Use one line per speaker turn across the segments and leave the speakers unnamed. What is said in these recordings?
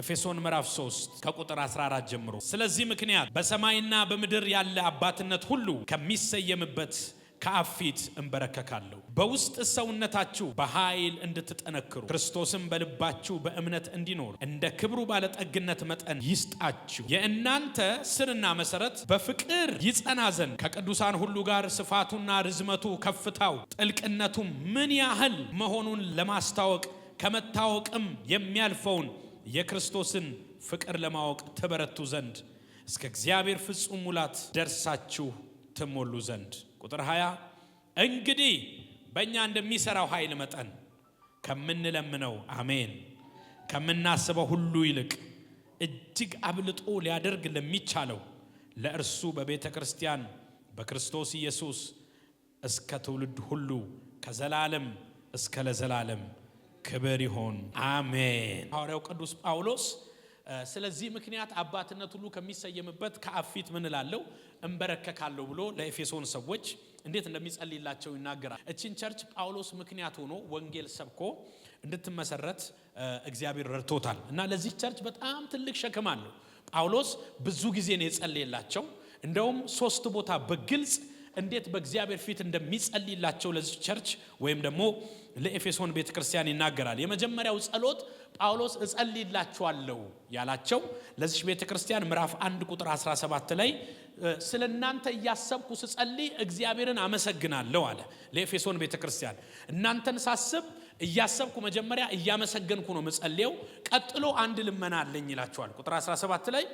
ኤፌሶን ምዕራፍ 3 ከቁጥር 14 ጀምሮ ስለዚህ ምክንያት በሰማይና በምድር ያለ አባትነት ሁሉ ከሚሰየምበት ከአብ ፊት እንበረከካለሁ። በውስጥ ሰውነታችሁ በኃይል እንድትጠነክሩ ክርስቶስም በልባችሁ በእምነት እንዲኖር እንደ ክብሩ ባለጠግነት መጠን ይስጣችሁ። የእናንተ ስርና መሰረት በፍቅር ይጸና ዘንድ ከቅዱሳን ሁሉ ጋር ስፋቱና ርዝመቱ ከፍታው ጥልቅነቱ ምን ያህል መሆኑን ለማስታወቅ ከመታወቅም የሚያልፈውን የክርስቶስን ፍቅር ለማወቅ ትበረቱ ዘንድ እስከ እግዚአብሔር ፍጹም ሙላት ደርሳችሁ ትሞሉ ዘንድ። ቁጥር 20 እንግዲህ በእኛ እንደሚሰራው ኃይል መጠን ከምንለምነው አሜን ከምናስበው ሁሉ ይልቅ እጅግ አብልጦ ሊያደርግ ለሚቻለው ለእርሱ በቤተ ክርስቲያን በክርስቶስ ኢየሱስ እስከ ትውልድ ሁሉ ከዘላለም እስከ ለዘላለም ክብር ይሆን፣ አሜን። ሐዋርያው ቅዱስ ጳውሎስ ስለዚህ ምክንያት አባትነት ሁሉ ከሚሰየምበት ከአፊት ምን ላለው እንበረከካለሁ ብሎ ለኤፌሶን ሰዎች እንዴት እንደሚጸልይላቸው ይናገራል። እችን ቸርች ጳውሎስ ምክንያት ሆኖ ወንጌል ሰብኮ እንድትመሰረት እግዚአብሔር ረድቶታል እና ለዚህ ቸርች በጣም ትልቅ ሸክም አለው። ጳውሎስ ብዙ ጊዜ ነው የጸልየላቸው እንደውም ሶስት ቦታ በግልጽ እንዴት በእግዚአብሔር ፊት እንደሚጸልይላቸው ለዚህ ቸርች ወይም ደግሞ ለኤፌሶን ቤተ ክርስቲያን ይናገራል። የመጀመሪያው ጸሎት ጳውሎስ እጸልይላችኋለሁ ያላቸው ለዚህ ቤተ ክርስቲያን ምዕራፍ 1 ቁጥር 17 ላይ ስለ እናንተ እያሰብኩ ስጸልይ እግዚአብሔርን አመሰግናለሁ አለ። ለኤፌሶን ቤተ ክርስቲያን እናንተን ሳስብ እያሰብኩ መጀመሪያ እያመሰገንኩ ነው ምጸሌው። ቀጥሎ አንድ ልመና አለኝ ይላቸዋል። ቁጥር 17 ላይ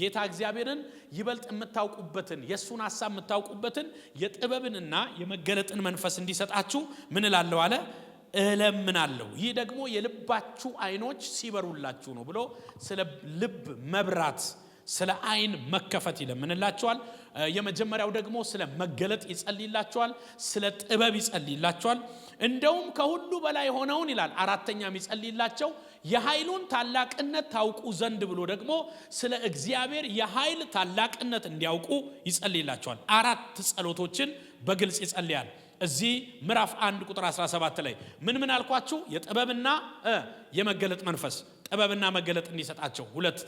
ጌታ እግዚአብሔርን ይበልጥ የምታውቁበትን የእሱን ሀሳብ የምታውቁበትን የጥበብንና የመገለጥን መንፈስ እንዲሰጣችሁ ምን እላለሁ አለ እለምናለሁ። ይህ ደግሞ የልባችሁ አይኖች ሲበሩላችሁ ነው ብሎ ስለ ልብ መብራት ስለ አይን መከፈት ይለምንላቸዋል። የመጀመሪያው ደግሞ ስለ መገለጥ ይጸልይላቸዋል፣ ስለ ጥበብ ይጸልይላቸዋል። እንደውም ከሁሉ በላይ ሆነውን ይላል። አራተኛ የሚጸልይላቸው የኃይሉን ታላቅነት ታውቁ ዘንድ ብሎ ደግሞ ስለ እግዚአብሔር የኃይል ታላቅነት እንዲያውቁ ይጸልይላቸዋል። አራት ጸሎቶችን በግልጽ ይጸልያል። እዚህ ምዕራፍ 1 ቁጥር 17 ላይ ምን ምን አልኳችሁ? የጥበብና የመገለጥ መንፈስ ጥበብና መገለጥ እንዲሰጣቸው ሁለት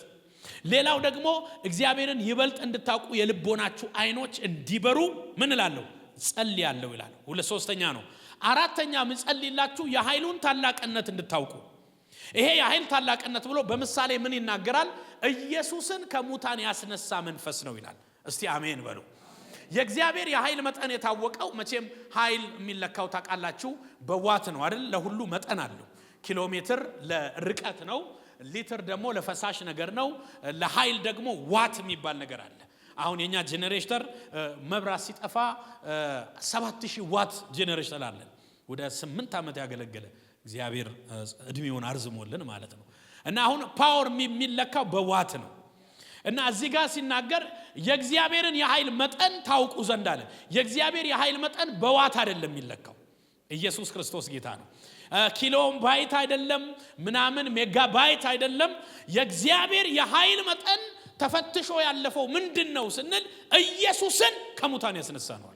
ሌላው ደግሞ እግዚአብሔርን ይበልጥ እንድታውቁ የልቦናችሁ አይኖች እንዲበሩ ምን እላለሁ ጸልያለሁ ይላል። ሁለት ሶስተኛ ነው አራተኛ ምጸልላችሁ የኃይሉን ታላቅነት እንድታውቁ ይሄ የኃይል ታላቅነት ብሎ በምሳሌ ምን ይናገራል? ኢየሱስን ከሙታን ያስነሳ መንፈስ ነው ይላል። እስቲ አሜን በሉ። የእግዚአብሔር የኃይል መጠን የታወቀው መቼም ኃይል የሚለካው ታውቃላችሁ በዋት ነው አይደል? ለሁሉ መጠን አለው። ኪሎ ሜትር ለርቀት ነው፣ ሊትር ደግሞ ለፈሳሽ ነገር ነው፣ ለኃይል ደግሞ ዋት የሚባል ነገር አለ። አሁን የኛ ጄኔሬተር መብራት ሲጠፋ ሰባት ት ዋት ጄኔሬተር አለን። ወደ ስምንት ዓመት ያገለገለ እግዚአብሔር እድሜውን አርዝሞልን ማለት ነው። እና አሁን ፓወር የሚለካው በዋት ነው። እና እዚህ ጋር ሲናገር የእግዚአብሔርን የኃይል መጠን ታውቁ ዘንድ አለ። የእግዚአብሔር የኃይል መጠን በዋት አይደለም የሚለካው። ኢየሱስ ክርስቶስ ጌታ ነው። ኪሎም ባይት አይደለም፣ ምናምን ሜጋ ባይት አይደለም። የእግዚአብሔር የኃይል መጠን ተፈትሾ ያለፈው ምንድን ነው ስንል ኢየሱስን ከሙታን ያስነሳ ነዋል።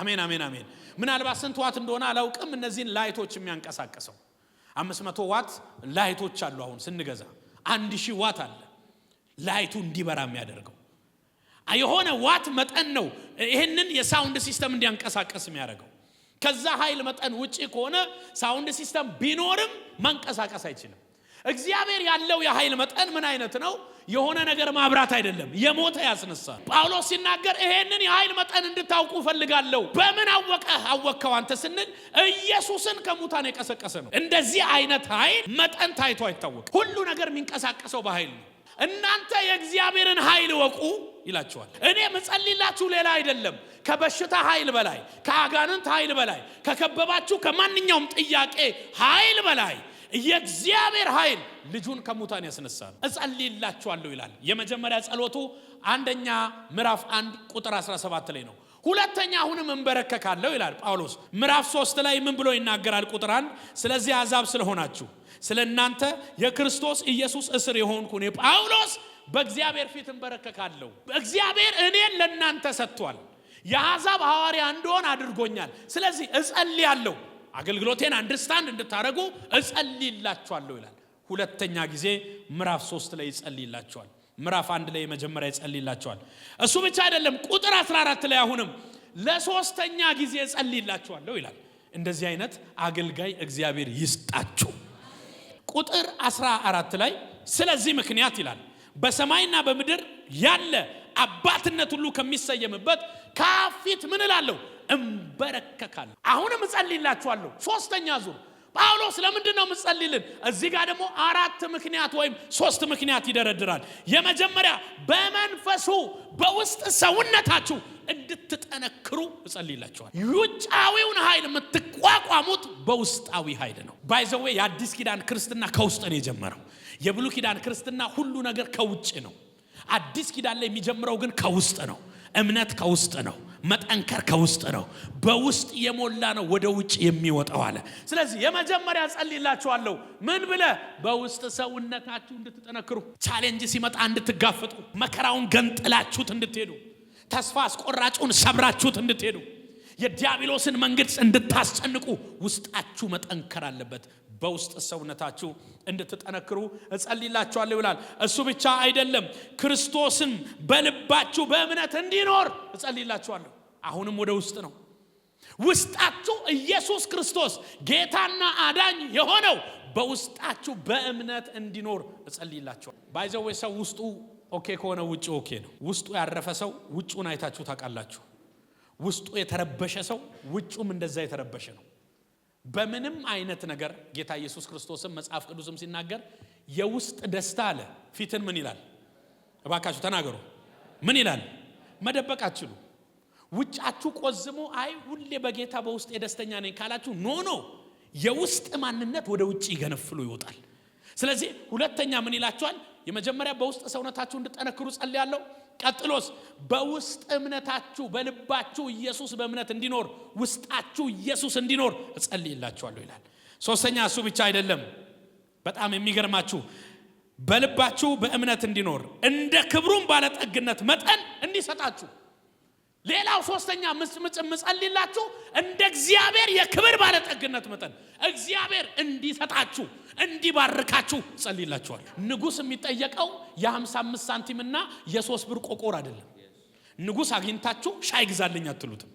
አሜን አሜን አሜን። ምናልባት ስንት ዋት እንደሆነ አላውቅም። እነዚህን ላይቶች የሚያንቀሳቀሰው አምስት መቶ ዋት ላይቶች አሉ። አሁን ስንገዛ አንድ ሺህ ዋት አለ ላይቱ እንዲበራ የሚያደርገው የሆነ ዋት መጠን ነው። ይህንን የሳውንድ ሲስተም እንዲያንቀሳቀስ የሚያደርገው ከዛ ኃይል መጠን ውጪ ከሆነ ሳውንድ ሲስተም ቢኖርም ማንቀሳቀስ አይችልም። እግዚአብሔር ያለው የኃይል መጠን ምን አይነት ነው? የሆነ ነገር ማብራት አይደለም፣ የሞተ ያስነሳል። ጳውሎስ ሲናገር ይሄንን የኃይል መጠን እንድታውቁ እፈልጋለሁ። በምን አወቀ አወቅከው አንተ ስንል ኢየሱስን ከሙታን የቀሰቀሰ ነው። እንደዚህ አይነት ኃይል መጠን ታይቶ አይታወቅም። ሁሉ ነገር የሚንቀሳቀሰው በኃይል ነው። እናንተ የእግዚአብሔርን ኃይል ወቁ ይላቸዋል። እኔ ምጸልላችሁ ሌላ አይደለም፣ ከበሽታ ኃይል በላይ ከአጋንንት ኃይል በላይ ከከበባችሁ ከማንኛውም ጥያቄ ኃይል በላይ የእግዚአብሔር ኃይል ልጁን ከሙታን ያስነሳ ነው። እጸልይላችኋለሁ ይላል። የመጀመሪያ ጸሎቱ አንደኛ ምዕራፍ አንድ ቁጥር 17 ላይ ነው። ሁለተኛ አሁንም እንበረከካለሁ ይላል ጳውሎስ። ምዕራፍ ሶስት ላይ ምን ብሎ ይናገራል? ቁጥር አንድ ስለዚህ አሕዛብ ስለሆናችሁ ስለ እናንተ የክርስቶስ ኢየሱስ እስር የሆንኩ እኔ ጳውሎስ በእግዚአብሔር ፊት እንበረከካለሁ። እግዚአብሔር እኔን ለእናንተ ሰጥቷል። የአሕዛብ ሐዋርያ እንደሆን አድርጎኛል። ስለዚህ እጸልያለሁ አገልግሎቴን አንድርስታንድ እንድታደረጉ እጸልይላችኋለሁ ይላል። ሁለተኛ ጊዜ ምዕራፍ ሶስት ላይ ይጸልይላችኋል። ምዕራፍ አንድ ላይ የመጀመሪያ ይጸልይላችኋል። እሱ ብቻ አይደለም፣ ቁጥር 14 ላይ አሁንም ለሶስተኛ ጊዜ እጸልይላችኋለሁ ይላል። እንደዚህ አይነት አገልጋይ እግዚአብሔር ይስጣችሁ። ቁጥር 14 ላይ ስለዚህ ምክንያት ይላል በሰማይና በምድር ያለ አባትነት ሁሉ ከሚሰየምበት ከፊት ምን እላለሁ እንበረከካል። አሁንም እጸልይላችኋለሁ። ሶስተኛ ዙር ጳውሎስ ለምንድን ነው የምጸልይልን? እዚህ ጋር ደግሞ አራት ምክንያት ወይም ሶስት ምክንያት ይደረድራል። የመጀመሪያ በመንፈሱ በውስጥ ሰውነታችሁ እንድትጠነክሩ እጸልይላችኋል። ውጫዊውን ኃይል የምትቋቋሙት በውስጣዊ ኃይል ነው። ባይዘዌ የአዲስ ኪዳን ክርስትና ከውስጥ ነው የጀመረው። የብሉ ኪዳን ክርስትና ሁሉ ነገር ከውጭ ነው። አዲስ ኪዳን ላይ የሚጀምረው ግን ከውስጥ ነው። እምነት ከውስጥ ነው። መጠንከር ከውስጥ ነው። በውስጥ የሞላ ነው ወደ ውጭ የሚወጣው አለ። ስለዚህ የመጀመሪያ ጸልይላችኋለሁ። ምን ብለ በውስጥ ሰውነታችሁ እንድትጠነክሩ፣ ቻሌንጅ ሲመጣ እንድትጋፍጡ መከራውን ገንጥላችሁት እንድትሄዱ፣ ተስፋ አስቆራጩን ሰብራችሁት እንድትሄዱ፣ የዲያብሎስን መንገድ እንድታስጨንቁ ውስጣችሁ መጠንከር አለበት። በውስጥ ሰውነታችሁ እንድትጠነክሩ እጸልይላችኋለሁ ይላል። እሱ ብቻ አይደለም፣ ክርስቶስን በልባችሁ በእምነት እንዲኖር እጸልይላችኋለሁ። አሁንም ወደ ውስጥ ነው። ውስጣችሁ ኢየሱስ ክርስቶስ ጌታና አዳኝ የሆነው በውስጣችሁ በእምነት እንዲኖር እጸልይላችኋል። ባይዘዌ ሰው ውስጡ ኦኬ ከሆነ ውጭ ኦኬ ነው። ውስጡ ያረፈ ሰው ውጩን አይታችሁ ታውቃላችሁ። ውስጡ የተረበሸ ሰው ውጩም እንደዛ የተረበሸ ነው። በምንም አይነት ነገር ጌታ ኢየሱስ ክርስቶስም መጽሐፍ ቅዱስም ሲናገር የውስጥ ደስታ አለ። ፊትን ምን ይላል? እባካችሁ ተናገሩ። ምን ይላል? መደበቅ አትችሉ ውጫችሁ ቆዝሞ አይ ሁሌ በጌታ በውስጥ የደስተኛ ነኝ ካላችሁ ኖ ኖ የውስጥ ማንነት ወደ ውጭ ይገነፍሉ ይወጣል። ስለዚህ ሁለተኛ ምን ይላችኋል? የመጀመሪያ በውስጥ ሰውነታችሁ እንድጠነክሩ ጸልያለሁ። ቀጥሎስ በውስጥ እምነታችሁ በልባችሁ ኢየሱስ በእምነት እንዲኖር ውስጣችሁ ኢየሱስ እንዲኖር እጸልይላችኋለሁ ይላል። ሶስተኛ እሱ ብቻ አይደለም፣ በጣም የሚገርማችሁ በልባችሁ በእምነት እንዲኖር እንደ ክብሩም ባለጠግነት መጠን እንዲሰጣችሁ ሌላው ሶስተኛ ምጸልላችሁ እንደ እግዚአብሔር የክብር ባለጠግነት መጠን እግዚአብሔር እንዲሰጣችሁ እንዲባርካችሁ ጸልላችኋል። ንጉሥ የሚጠየቀው የ55 ሳንቲም እና የሶስት ብር ቆቆር አይደለም። ንጉሥ አግኝታችሁ ሻይ ግዛልኝ አትሉትም።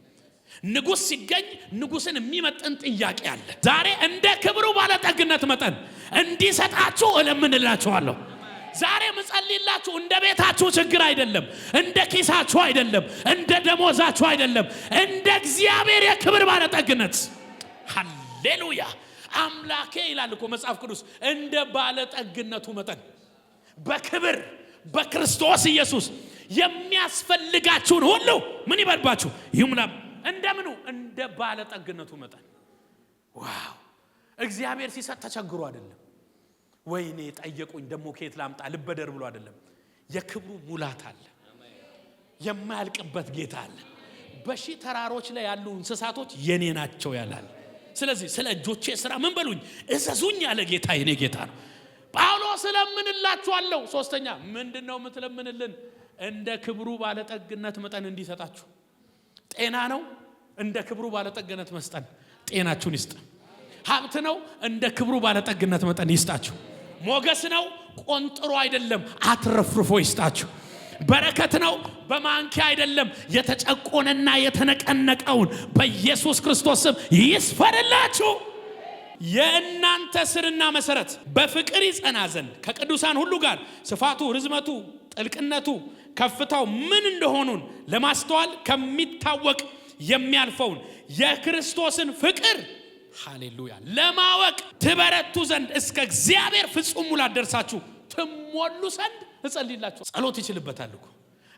ንጉሥ ሲገኝ ንጉሥን የሚመጥን ጥያቄ አለ። ዛሬ እንደ ክብሩ ባለጠግነት መጠን እንዲሰጣችሁ እለምንላችኋለሁ። ዛሬ ምጸልይላችሁ እንደ ቤታችሁ ችግር አይደለም፣ እንደ ኪሳችሁ አይደለም፣ እንደ ደሞዛችሁ አይደለም፣ እንደ እግዚአብሔር የክብር ባለጠግነት። ሃሌሉያ አምላኬ ይላል እኮ መጽሐፍ ቅዱስ እንደ ባለጠግነቱ መጠን በክብር በክርስቶስ ኢየሱስ የሚያስፈልጋችሁን ሁሉ ምን ይበልባችሁ ይሙላ። እንደምኑ እንደ ባለጠግነቱ መጠን ዋው! እግዚአብሔር ሲሰጥ ተቸግሮ አይደለም ወይኔ ጠየቁኝ ደግሞ ከየት ላምጣ ልበደር ብሎ አይደለም። የክብሩ ሙላት አለ፣ የማያልቅበት ጌታ አለ። በሺ ተራሮች ላይ ያሉ እንስሳቶች የኔ ናቸው ያላል። ስለዚህ ስለ እጆቼ ስራ ምን በሉኝ እዘዙኝ ያለ ጌታ የኔ ጌታ ነው። ጳውሎስ እለምንላችኋለሁ። ሶስተኛ ምንድን ነው የምትለምንልን? እንደ ክብሩ ባለጠግነት መጠን እንዲሰጣችሁ ጤና ነው። እንደ ክብሩ ባለጠግነት መስጠን ጤናችሁን ይስጥ። ሀብት ነው። እንደ ክብሩ ባለጠግነት መጠን ይስጣችሁ። ሞገስ ነው፣ ቆንጥሮ አይደለም። አትረፍርፎ ይስጣችሁ። በረከት ነው፣ በማንኪያ አይደለም። የተጨቆነና የተነቀነቀውን በኢየሱስ ክርስቶስ ስም ይስፈርላችሁ። የእናንተ ስርና መሰረት በፍቅር ይጸና ዘንድ ከቅዱሳን ሁሉ ጋር ስፋቱ፣ ርዝመቱ፣ ጥልቅነቱ፣ ከፍታው ምን እንደሆኑን ለማስተዋል ከሚታወቅ የሚያልፈውን የክርስቶስን ፍቅር ሃሌሉያ ለማወቅ ትበረቱ ዘንድ እስከ እግዚአብሔር ፍጹም ሙላት ደርሳችሁ ትሞሉ ዘንድ እጸልይላችሁ። ጸሎት ይችልበታል እኮ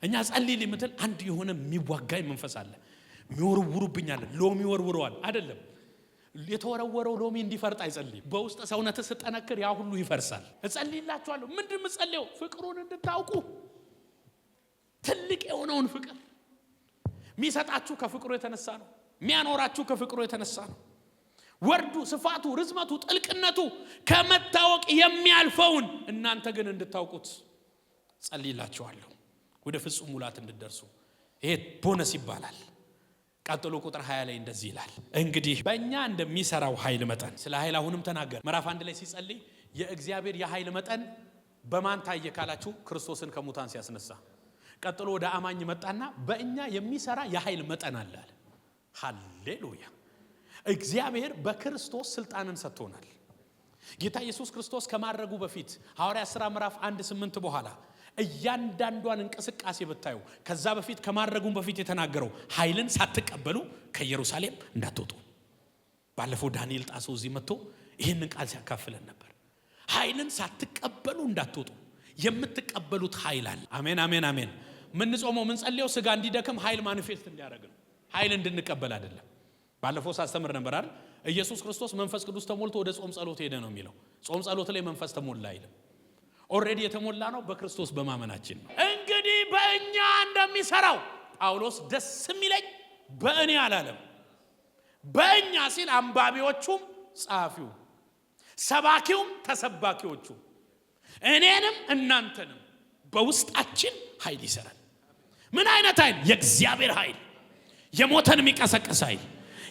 እኛ ጸልይ የምትል አንድ የሆነ የሚዋጋኝ መንፈስ አለ። የሚወርውሩብኛል። ሎሚ ወርውረዋል አይደለም የተወረወረው ሎሚ እንዲፈርጥ አይጸልይም። በውስጥ ሰውነት ስጠነክር ያ ሁሉ ይፈርሳል። እጸልይላችኋለሁ። ምንድን ምጸልየው? ፍቅሩን እንድታውቁ ትልቅ የሆነውን ፍቅር የሚሰጣችሁ ከፍቅሩ የተነሳ ነው። የሚያኖራችሁ ከፍቅሩ የተነሳ ነው። ወርዱ፣ ስፋቱ፣ ርዝመቱ፣ ጥልቅነቱ ከመታወቅ የሚያልፈውን እናንተ ግን እንድታውቁት ጸልይላችኋለሁ፣ ወደ ፍጹም ሙላት እንድደርሱ። ይሄ ቦነስ ይባላል። ቀጥሎ ቁጥር 20 ላይ እንደዚህ ይላል፣ እንግዲህ በእኛ እንደሚሰራው ኃይል መጠን። ስለ ኃይል አሁንም ተናገር ምዕራፍ አንድ ላይ ሲጸልይ የእግዚአብሔር የኃይል መጠን በማን ታየ ካላችሁ ክርስቶስን ከሙታን ሲያስነሳ። ቀጥሎ ወደ አማኝ መጣና በእኛ የሚሰራ የኃይል መጠን አለ አለ። ሃሌሉያ እግዚአብሔር በክርስቶስ ስልጣንን ሰጥቶናል። ጌታ ኢየሱስ ክርስቶስ ከማድረጉ በፊት ሐዋርያ ሥራ ምዕራፍ አንድ ስምንት በኋላ እያንዳንዷን እንቅስቃሴ ብታዩ ከዛ በፊት ከማድረጉም በፊት የተናገረው ኃይልን ሳትቀበሉ ከኢየሩሳሌም እንዳትወጡ። ባለፈው ዳንኤል ጣሶ እዚህ መጥቶ ይህንን ቃል ሲያካፍለን ነበር። ኃይልን ሳትቀበሉ እንዳትወጡ። የምትቀበሉት ኃይል አለ። አሜን፣ አሜን፣ አሜን። ምንጾመው ምንጸልየው ስጋ እንዲደክም ኃይል ማኒፌስት እንዲያደረግ ነው። ኃይል እንድንቀበል አይደለም። ባለፈው ሳስተምር ነበር አይደል? ኢየሱስ ክርስቶስ መንፈስ ቅዱስ ተሞልቶ ወደ ጾም ጸሎት ሄደ ነው የሚለው። ጾም ጸሎት ላይ መንፈስ ተሞላ አይልም። ኦሬዲ የተሞላ ነው በክርስቶስ በማመናችን ነው። እንግዲህ በእኛ እንደሚሰራው ጳውሎስ ደስ የሚለኝ በእኔ አላለም። በእኛ ሲል አንባቢዎቹም ጸሐፊው፣ ሰባኪውም ተሰባኪዎቹ፣ እኔንም እናንተንም በውስጣችን ኃይል ይሰራል። ምን አይነት ኃይል? የእግዚአብሔር ኃይል፣ የሞተን የሚቀሰቅስ ኃይል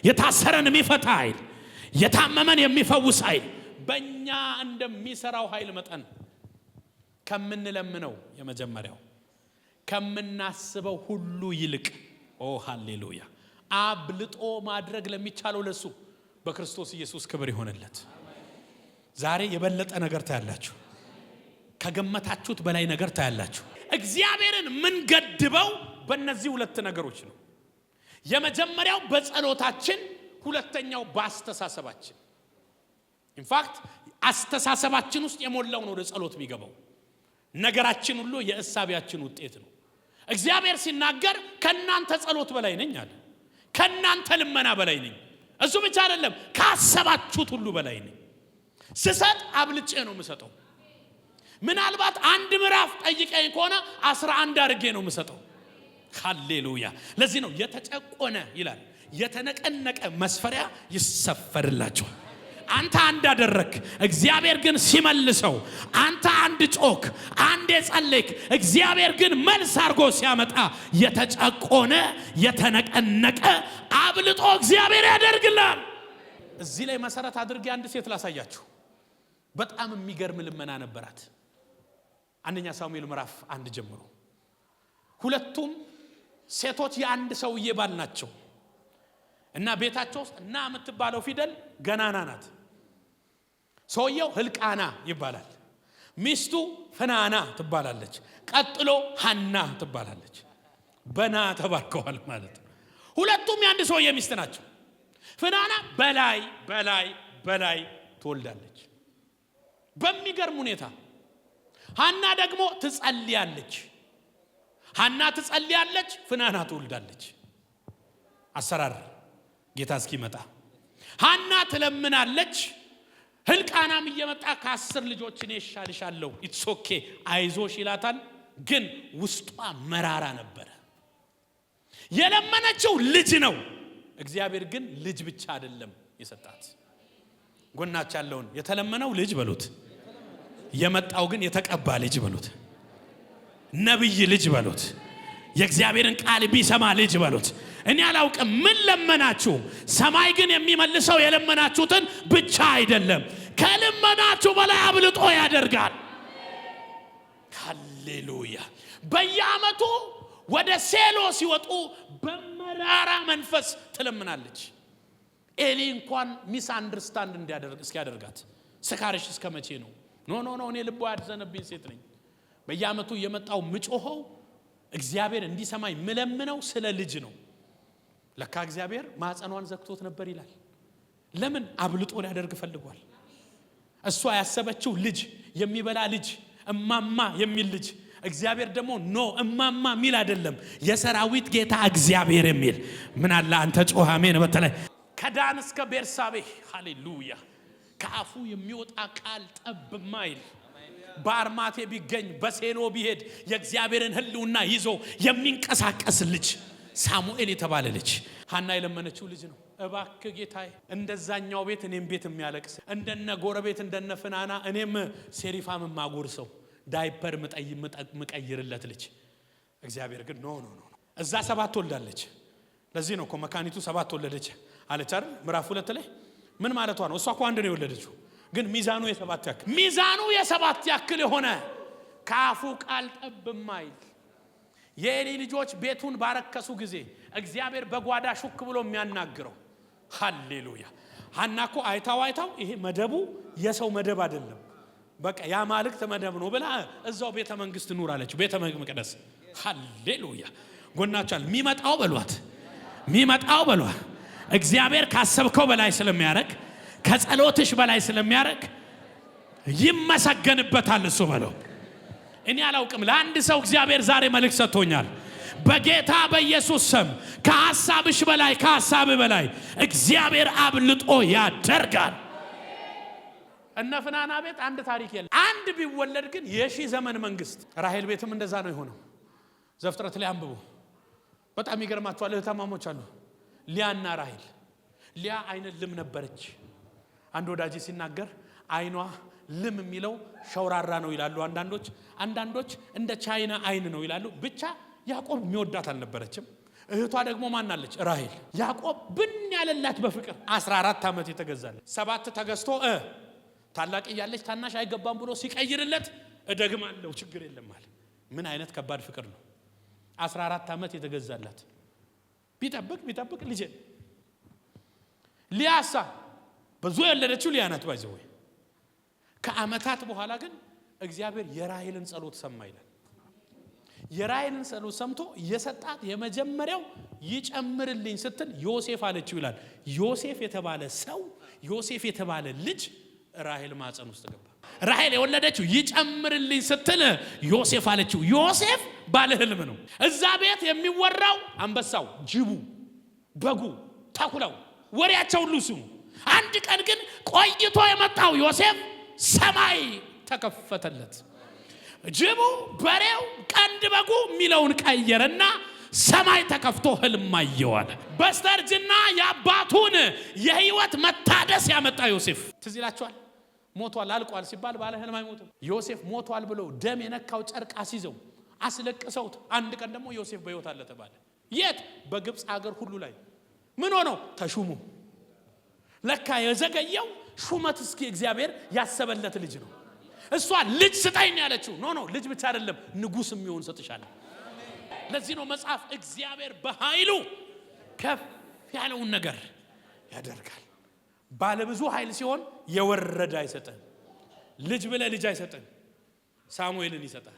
የታሰረን የሚፈታ ኃይል፣ የታመመን የሚፈውስ ኃይል በእኛ እንደሚሰራው ኃይል መጠን ከምንለምነው የመጀመሪያው ከምናስበው ሁሉ ይልቅ ኦ ሃሌሉያ አብልጦ ማድረግ ለሚቻለው ለሱ በክርስቶስ ኢየሱስ ክብር ይሆንለት። ዛሬ የበለጠ ነገር ታያላችሁ። ከገመታችሁት በላይ ነገር ታያላችሁ። እግዚአብሔርን ምንገድበው በእነዚህ ሁለት ነገሮች ነው። የመጀመሪያው በጸሎታችን፣ ሁለተኛው በአስተሳሰባችን። ኢንፋክት አስተሳሰባችን ውስጥ የሞላው ነው ወደ ጸሎት የሚገባው። ነገራችን ሁሉ የእሳቢያችን ውጤት ነው። እግዚአብሔር ሲናገር ከእናንተ ጸሎት በላይ ነኝ አለ። ከእናንተ ልመና በላይ ነኝ። እሱ ብቻ አይደለም፣ ካሰባችሁት ሁሉ በላይ ነኝ። ስሰጥ አብልጬ ነው የምሰጠው። ምናልባት አንድ ምዕራፍ ጠይቀኝ ከሆነ አስራ አንድ አድርጌ ነው የምሰጠው። ሃሌሉያ። ለዚህ ነው የተጨቆነ ይላል የተነቀነቀ መስፈሪያ ይሰፈርላቸዋል። አንተ አንድ አደረክ፣ እግዚአብሔር ግን ሲመልሰው፣ አንተ አንድ ጮክ፣ አንድ የጸለይክ፣ እግዚአብሔር ግን መልስ አድርጎ ሲያመጣ የተጨቆነ የተነቀነቀ አብልጦ እግዚአብሔር ያደርግላል። እዚህ ላይ መሰረት አድርጌ አንድ ሴት ላሳያችሁ። በጣም የሚገርም ልመና ነበራት። አንደኛ ሳሙኤል ምዕራፍ አንድ ጀምሮ ሁለቱም ሴቶች የአንድ ሰውዬ ባል ናቸው እና ቤታቸው ውስጥ እና የምትባለው ፊደል ገናና ናት። ሰውየው ህልቃና ይባላል። ሚስቱ ፍናና ትባላለች። ቀጥሎ ሀና ትባላለች። በና ተባርከዋል ማለት ነው። ሁለቱም የአንድ ሰውየ ሚስት ናቸው። ፍናና በላይ በላይ በላይ ትወልዳለች በሚገርም ሁኔታ። ሀና ደግሞ ትጸልያለች። ሀና ትጸልያለች፣ ፍናና ትወልዳለች። አሰራር ጌታ እስኪመጣ ሀና ትለምናለች። ህልቃናም እየመጣ ከአስር ልጆች እኔ እሻልሻለሁ ኢትሶኬ አይዞሽ ይላታል። ግን ውስጧ መራራ ነበረ። የለመነችው ልጅ ነው። እግዚአብሔር ግን ልጅ ብቻ አይደለም የሰጣት። ጎናች ያለውን የተለመነው ልጅ በሉት፣ የመጣው ግን የተቀባ ልጅ በሉት። ነብይ ልጅ በሉት። የእግዚአብሔርን ቃል ቢሰማ ልጅ በሉት። እኔ አላውቅም ምን ለመናችሁ፣ ሰማይ ግን የሚመልሰው የለመናችሁትን ብቻ አይደለም፣ ከልመናችሁ በላይ አብልጦ ያደርጋል። ሃሌሉያ። በየዓመቱ ወደ ሴሎ ሲወጡ በመራራ መንፈስ ትለምናለች። ኤሊ እንኳን ሚስ አንደርስታንድ እንዲያደርግ እስኪያደርጋት ስካርሽ እስከ መቼ ነው? ኖ ኖ ኖ፣ እኔ ልቦ ያደዘነብኝ ሴት ነኝ በየአመቱ የመጣው ምጮኸው እግዚአብሔር እንዲሰማኝ ምለምነው ስለ ልጅ ነው። ለካ እግዚአብሔር ማፀኗን ዘግቶት ነበር ይላል። ለምን አብልጦ ሊያደርግ ፈልጓል። እሷ ያሰበችው ልጅ የሚበላ ልጅ፣ እማማ የሚል ልጅ። እግዚአብሔር ደግሞ ኖ እማማ የሚል አይደለም፣ የሰራዊት ጌታ እግዚአብሔር የሚል ምን አለ አንተ ጮኸ አሜን። በተለይ ከዳን እስከ ቤርሳቤ ሃሌሉያ፣ ከአፉ የሚወጣ ቃል ጠብ ማይል በአርማቴ ቢገኝ በሴኖ ቢሄድ የእግዚአብሔርን ህልውና ይዞ የሚንቀሳቀስ ልጅ ሳሙኤል የተባለ ልጅ ሀና የለመነችው ልጅ ነው። እባክ ጌታ እንደዛኛው ቤት እኔም ቤት የሚያለቅስ እንደነ ጎረቤት እንደነ ፍናና እኔም ሴሪፋም የማጎርሰው ዳይፐር ምቀይርለት ልጅ እግዚአብሔር ግን ኖ ኖ ኖ እዛ ሰባት ወልዳለች። ለዚህ ነው እኮ መካኒቱ ሰባት ወለደች አለች አይደል? ምዕራፍ ሁለት ላይ ምን ማለቷ ነው? እሷ እኮ አንድ ነው የወለደችው ግን ሚዛኑ የሰባት ያክል ሚዛኑ የሰባት ያክል የሆነ ከአፉ ቃል ጠብ ማይል የኤሊ ልጆች ቤቱን ባረከሱ ጊዜ እግዚአብሔር በጓዳ ሹክ ብሎ የሚያናግረው ሃሌሉያ። አናኮ አይታው አይታው ይሄ መደቡ የሰው መደብ አይደለም፣ በቃ የአማልክት መደብ ነው ብላ እዛው ቤተ መንግስት ኑር አለች ቤተ መቅደስ ሃሌሉያ። ጎናቸዋል የሚመጣው በሏት፣ የሚመጣው በሏት። እግዚአብሔር ካሰብከው በላይ ስለሚያደርግ ከጸሎትሽ በላይ ስለሚያደርግ ይመሰገንበታል። እሱ በለው። እኔ አላውቅም። ለአንድ ሰው እግዚአብሔር ዛሬ መልእክት ሰጥቶኛል። በጌታ በኢየሱስ ስም ከሐሳብሽ በላይ ከሐሳብ በላይ እግዚአብሔር አብልጦ ያደርጋል። እነ ፍናና ቤት አንድ ታሪክ የለ አንድ ቢወለድ ግን የሺህ ዘመን መንግስት። ራሄል ቤትም እንደዛ ነው የሆነው። ዘፍጥረት ላይ አንብቡ። በጣም ይገርማቸዋል። እህታማሞች አሉ፣ ሊያና ራሄል። ሊያ አይነት ልም ነበረች አንድ ወዳጅ ሲናገር አይኗ ልም የሚለው ሸውራራ ነው ይላሉ አንዳንዶች። አንዳንዶች እንደ ቻይና አይን ነው ይላሉ። ብቻ ያዕቆብ የሚወዳት አልነበረችም። እህቷ ደግሞ ማናለች? ራሄል። ያዕቆብ ብን ያለላት በፍቅር 14 ዓመት የተገዛለ ሰባት ተገዝቶ ታላቅ እያለች ታናሽ አይገባም ብሎ ሲቀይርለት እደግማለሁ ችግር የለም አለ። ምን አይነት ከባድ ፍቅር ነው! 14 ዓመት የተገዛላት ቢጠብቅ ቢጠብቅ ልጄ ሊያሳ ብዙ የወለደችው ልያ ናት። ባይዘው ከአመታት በኋላ ግን እግዚአብሔር የራሄልን ጸሎት ሰማ ይላል። የራሄልን ጸሎት ሰምቶ የሰጣት የመጀመሪያው ይጨምርልኝ ስትል ዮሴፍ አለችው ይላል። ዮሴፍ የተባለ ሰው ዮሴፍ የተባለ ልጅ ራሄል ማፀን ውስጥ ገባ። ራሄል የወለደችው ይጨምርልኝ ስትል ዮሴፍ አለችው። ዮሴፍ ባለህልም ነው። እዛ ቤት የሚወራው አንበሳው፣ ጅቡ፣ በጉ፣ ተኩላው ወሬያቸው ሁሉ እሱ አንድ ቀን ግን ቆይቶ የመጣው ዮሴፍ ሰማይ ተከፈተለት። ጅቡ፣ በሬው፣ ቀንድ በጉ የሚለውን ቀየረና ሰማይ ተከፍቶ ህልም አየዋለ። በስተርጅና የአባቱን የህይወት መታደስ ያመጣ ዮሴፍ ትዝ ይላችኋል። ሞቷል አልቋል ሲባል ባለ ህልም አይሞትም። ዮሴፍ ሞቷል ብሎ ደም የነካው ጨርቅ አስይዘው አስለቅሰውት፣ አንድ ቀን ደግሞ ዮሴፍ በህይወት አለ ተባለ። የት? በግብፅ አገር ሁሉ ላይ ምን ሆነው ተሹሙ። ለካ የዘገየው ሹመት እስኪ እግዚአብሔር ያሰበለት ልጅ ነው። እሷ ልጅ ስጠኝ ያለችው። ኖ ኖ ልጅ ብቻ አይደለም ንጉስ የሚሆን ሰጥሻለሁ። ለዚህ ነው መጽሐፍ እግዚአብሔር በኃይሉ ከፍ ያለውን ነገር ያደርጋል። ባለብዙ ኃይል ሲሆን የወረደ አይሰጠን። ልጅ ብለ ልጅ አይሰጠን። ሳሙኤልን ይሰጣል።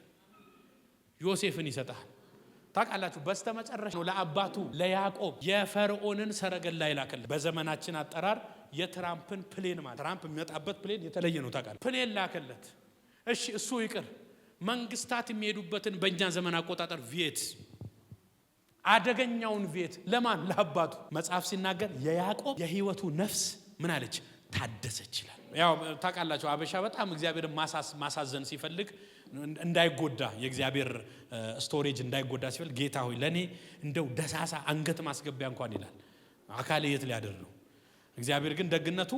ዮሴፍን ይሰጣል። ታውቃላችሁ በስተ መጨረሻ ለአባቱ ለያዕቆብ የፈርዖንን ሰረገላ ይላክል። በዘመናችን አጠራር የትራምፕን ፕሌን ማለት ትራምፕ የሚመጣበት ፕሌን የተለየ ነው ታውቃለህ። ፕሌን ላከለት። እሺ እሱ ይቅር፣ መንግስታት የሚሄዱበትን በእኛ ዘመን አቆጣጠር ቪየት አደገኛውን ቪየት ለማን ለአባቱ መጽሐፍ ሲናገር የያዕቆብ የህይወቱ ነፍስ ምን አለች ታደሰች ይላል። ያው ታውቃላችሁ አበሻ በጣም እግዚአብሔርን ማሳዘን ሲፈልግ እንዳይጎዳ የእግዚአብሔር ስቶሬጅ እንዳይጎዳ ሲፈልግ ጌታ ሆይ ለእኔ እንደው ደሳሳ አንገት ማስገቢያ እንኳን ይላል አካል የት ሊያደር ነው እግዚአብሔር ግን ደግነቱ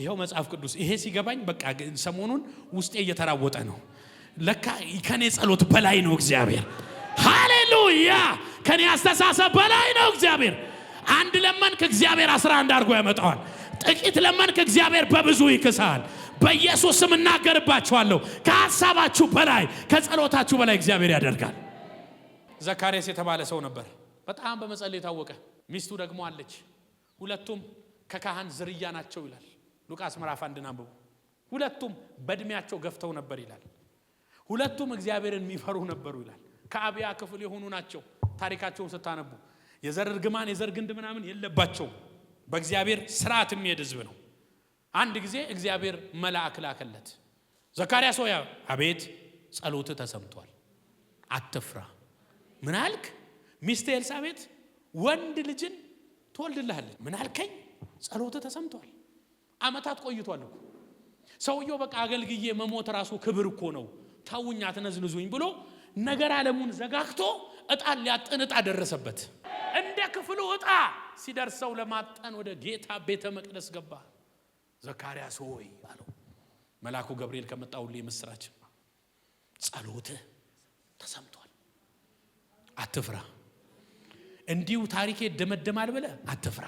ይሄው መጽሐፍ ቅዱስ ይሄ ሲገባኝ በቃ ሰሞኑን ውስጤ እየተራወጠ ነው። ለካ ከኔ ጸሎት በላይ ነው እግዚአብሔር። ሃሌሉያ! ከኔ አስተሳሰብ በላይ ነው እግዚአብሔር። አንድ ለመንክ እግዚአብሔር አስራ አንድ አድርጎ ያመጣዋል። ጥቂት ለመንክ እግዚአብሔር በብዙ ይክሳል። በኢየሱስ ስም እናገርባችኋለሁ፣ ከሀሳባችሁ በላይ ከጸሎታችሁ በላይ እግዚአብሔር ያደርጋል። ዘካርያስ የተባለ ሰው ነበር፣ በጣም በመጸል የታወቀ። ሚስቱ ደግሞ አለች። ሁለቱም ከካህን ዝርያ ናቸው ይላል ሉቃስ ምዕራፍ አንድን አንብቡ። ሁለቱም በእድሜያቸው ገፍተው ነበር ይላል። ሁለቱም እግዚአብሔርን የሚፈሩ ነበሩ ይላል። ከአብያ ክፍል የሆኑ ናቸው። ታሪካቸውን ስታነቡ የዘር እርግማን የዘር ግንድ ምናምን የለባቸውም። በእግዚአብሔር ስርዓት የሚሄድ ህዝብ ነው። አንድ ጊዜ እግዚአብሔር መላእክ ላከለት። ዘካርያ ሆይ አቤት፣ ጸሎት ተሰምቷል፣ አትፍራ። ምናልክ አልክ? ሚስቴ ኤልሳቤት ወንድ ልጅን ትወልድልሃለች። ምናልከኝ ጸሎት ተሰምቷል። አመታት ቆይቷል እኮ ሰውየው በቃ አገልግዬ መሞት ራሱ ክብር እኮ ነው፣ ተውኛ ትነዝንዙኝ ብሎ ነገር አለሙን ዘጋግቶ እጣን ሊያጥን እጣ ደረሰበት። እንደ ክፍሉ እጣ ሲደርሰው ለማጠን ወደ ጌታ ቤተ መቅደስ ገባ። ዘካርያስ ሆይ አለው መልአኩ ገብርኤል ከመጣ ሁሉ የምስራች ጸሎትህ ተሰምቷል፣ አትፍራ። እንዲሁ ታሪኬ ደመደማል ብለ አትፍራ።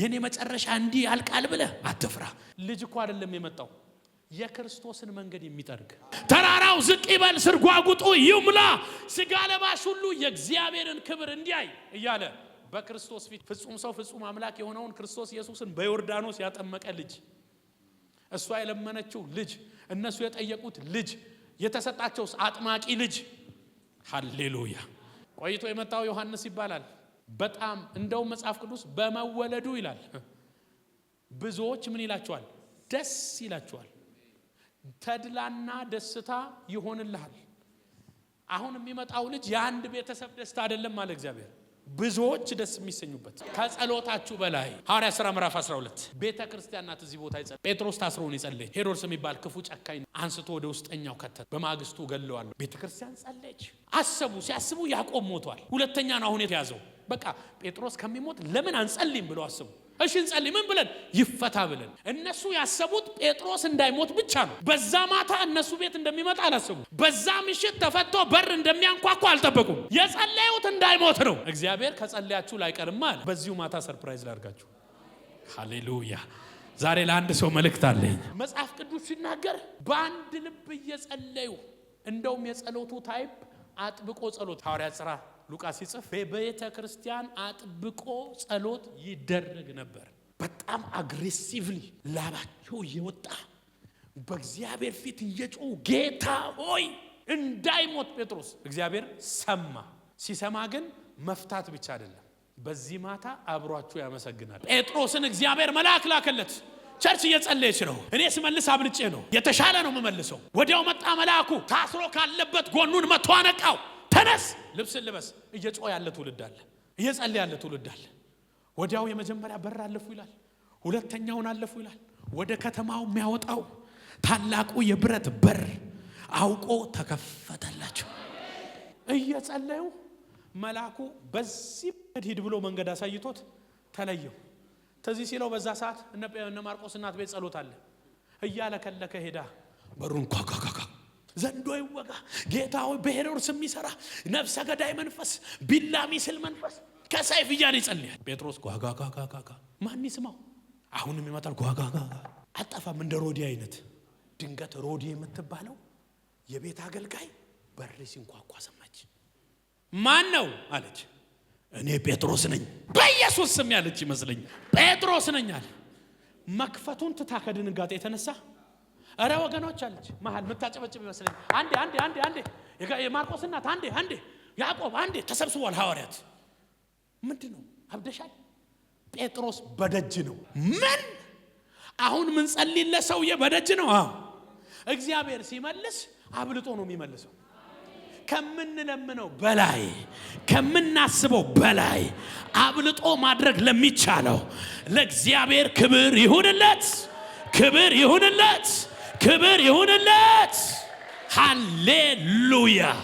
የኔ መጨረሻ እንዲህ ያልቃል ብለህ አትፍራ። ልጅ እኮ አይደለም የመጣው የክርስቶስን መንገድ የሚጠርግ ተራራው ዝቅ ይበል፣ ስርጓጉጡ ይሙላ፣ ስጋ ለባሽ ሁሉ የእግዚአብሔርን ክብር እንዲያይ እያለ በክርስቶስ ፊት ፍጹም ሰው ፍጹም አምላክ የሆነውን ክርስቶስ ኢየሱስን በዮርዳኖስ ያጠመቀ ልጅ፣ እሷ የለመነችው ልጅ፣ እነሱ የጠየቁት ልጅ፣ የተሰጣቸው አጥማቂ ልጅ። ሀሌሉያ ቆይቶ የመጣው ዮሐንስ ይባላል። በጣም እንደውም መጽሐፍ ቅዱስ በመወለዱ ይላል ብዙዎች ምን ይላቸዋል? ደስ ይላቸዋል። ተድላና ደስታ ይሆንልሃል። አሁን የሚመጣው ልጅ የአንድ ቤተሰብ ደስታ አይደለም አለ እግዚአብሔር። ብዙዎች ደስ የሚሰኙበት ከጸሎታችሁ በላይ ሐዋርያ ሥራ ምዕራፍ 12 ቤተ ክርስቲያን ናት። እዚህ ቦታ ይጸል ጴጥሮስ ታስሮውን ይጸለይ ሄሮድስ የሚባል ክፉ ጨካኝ አንስቶ ወደ ውስጠኛው ከተት በማግስቱ ገለዋለሁ። ቤተ ክርስቲያን ጸለች። አሰቡ ሲያስቡ ያዕቆብ ሞቷል። ሁለተኛ ነው አሁን የተያዘው በቃ ጴጥሮስ ከሚሞት ለምን አንጸልይም ብለው አስቡ። እሺ እንጸልይ፣ ምን ብለን ይፈታ ብለን። እነሱ ያሰቡት ጴጥሮስ እንዳይሞት ብቻ ነው። በዛ ማታ እነሱ ቤት እንደሚመጣ አላስቡ በዛ ምሽት ተፈቶ በር እንደሚያንኳኳ አልጠበቁም። የጸለዩት እንዳይሞት ነው። እግዚአብሔር ከጸለያችሁ ላይቀርማ አለ። በዚሁ ማታ ሰርፕራይዝ ላርጋችሁ ሃሌሉያ። ዛሬ ለአንድ ሰው መልእክት አለኝ። መጽሐፍ ቅዱስ ሲናገር በአንድ ልብ እየጸለዩ እንደውም የጸሎቱ ታይፕ አጥብቆ ጸሎት ሐዋርያት ጽራ ሉቃስ ሲጽፍ በቤተ ክርስቲያን አጥብቆ ጸሎት ይደረግ ነበር። በጣም አግሬሲቭሊ ላባቸው እየወጣ በእግዚአብሔር ፊት እየጮሁ ጌታ ሆይ እንዳይሞት ጴጥሮስ። እግዚአብሔር ሰማ። ሲሰማ ግን መፍታት ብቻ አይደለም። በዚህ ማታ አብሯችሁ ያመሰግናል። ጴጥሮስን እግዚአብሔር መልአክ ላከለት። ቸርች እየጸለየች ነው። እኔ ስመልስ አብልጬ ነው፣ የተሻለ ነው የምመልሰው። ወዲያው መጣ መልአኩ፣ ታስሮ ካለበት ጎኑን መቶ አነቃው። ተነስ፣ ልብስን ልበስ። እየጮ ያለ ትውልድ አለ፣ እየጸለ ያለ ትውልድ አለ። ወዲያው የመጀመሪያ በር አለፉ ይላል፣ ሁለተኛውን አለፉ ይላል። ወደ ከተማው የሚያወጣው ታላቁ የብረት በር አውቆ ተከፈተላቸው። እየጸለዩ መልአኩ በዚህ መንገድ ሂድ ብሎ መንገድ አሳይቶት ተለየው። ተዚህ ሲለው በዛ ሰዓት እነ ማርቆስ እናት ቤት ጸሎት አለ። እያለከለከ ሄዳ በሩን ኳኳኳ ዘንዶ ይወጋ ጌታ ሆይ ብሔር የሚሰራ ነፍሰ ገዳይ መንፈስ፣ ቢላ ሚስል መንፈስ ከሰይፍ እያለ ይጸልያል። ጴጥሮስ ጓጋጋጋጋ ማን ይስማው? አሁንም ይመጣል። ጓጋጋጋ አጠፋም። እንደ ሮዲ አይነት ድንገት ሮዲ የምትባለው የቤት አገልጋይ በር ሲንኳኳ ሰማች። ማን ነው አለች። እኔ ጴጥሮስ ነኝ በኢየሱስ ስም ያለች ይመስለኝ ጴጥሮስ ነኝ አለ። መክፈቱን ትታ ከድንጋጤ የተነሳ አረ ወገኖች አለች መሀል የምታጨበጭብ ይመስለኝ። አንዴ አንዴ አንዴ አንዴ የማርቆስ እናት አንዴ አንዴ ያዕቆብ አንዴ ተሰብስቧል። ሐዋርያት ምንድን ነው አብደሻል? ጴጥሮስ በደጅ ነው። ምን አሁን ምን ጸልይለ ሰውዬ በደጅ ነው። አዎ እግዚአብሔር ሲመልስ አብልጦ ነው የሚመልሰው። ከምንለምነው በላይ ከምናስበው በላይ አብልጦ ማድረግ ለሚቻለው ለእግዚአብሔር ክብር ይሁንለት፣ ክብር ይሁንለት። ክብር ይሁንለት። ሃሌሉያ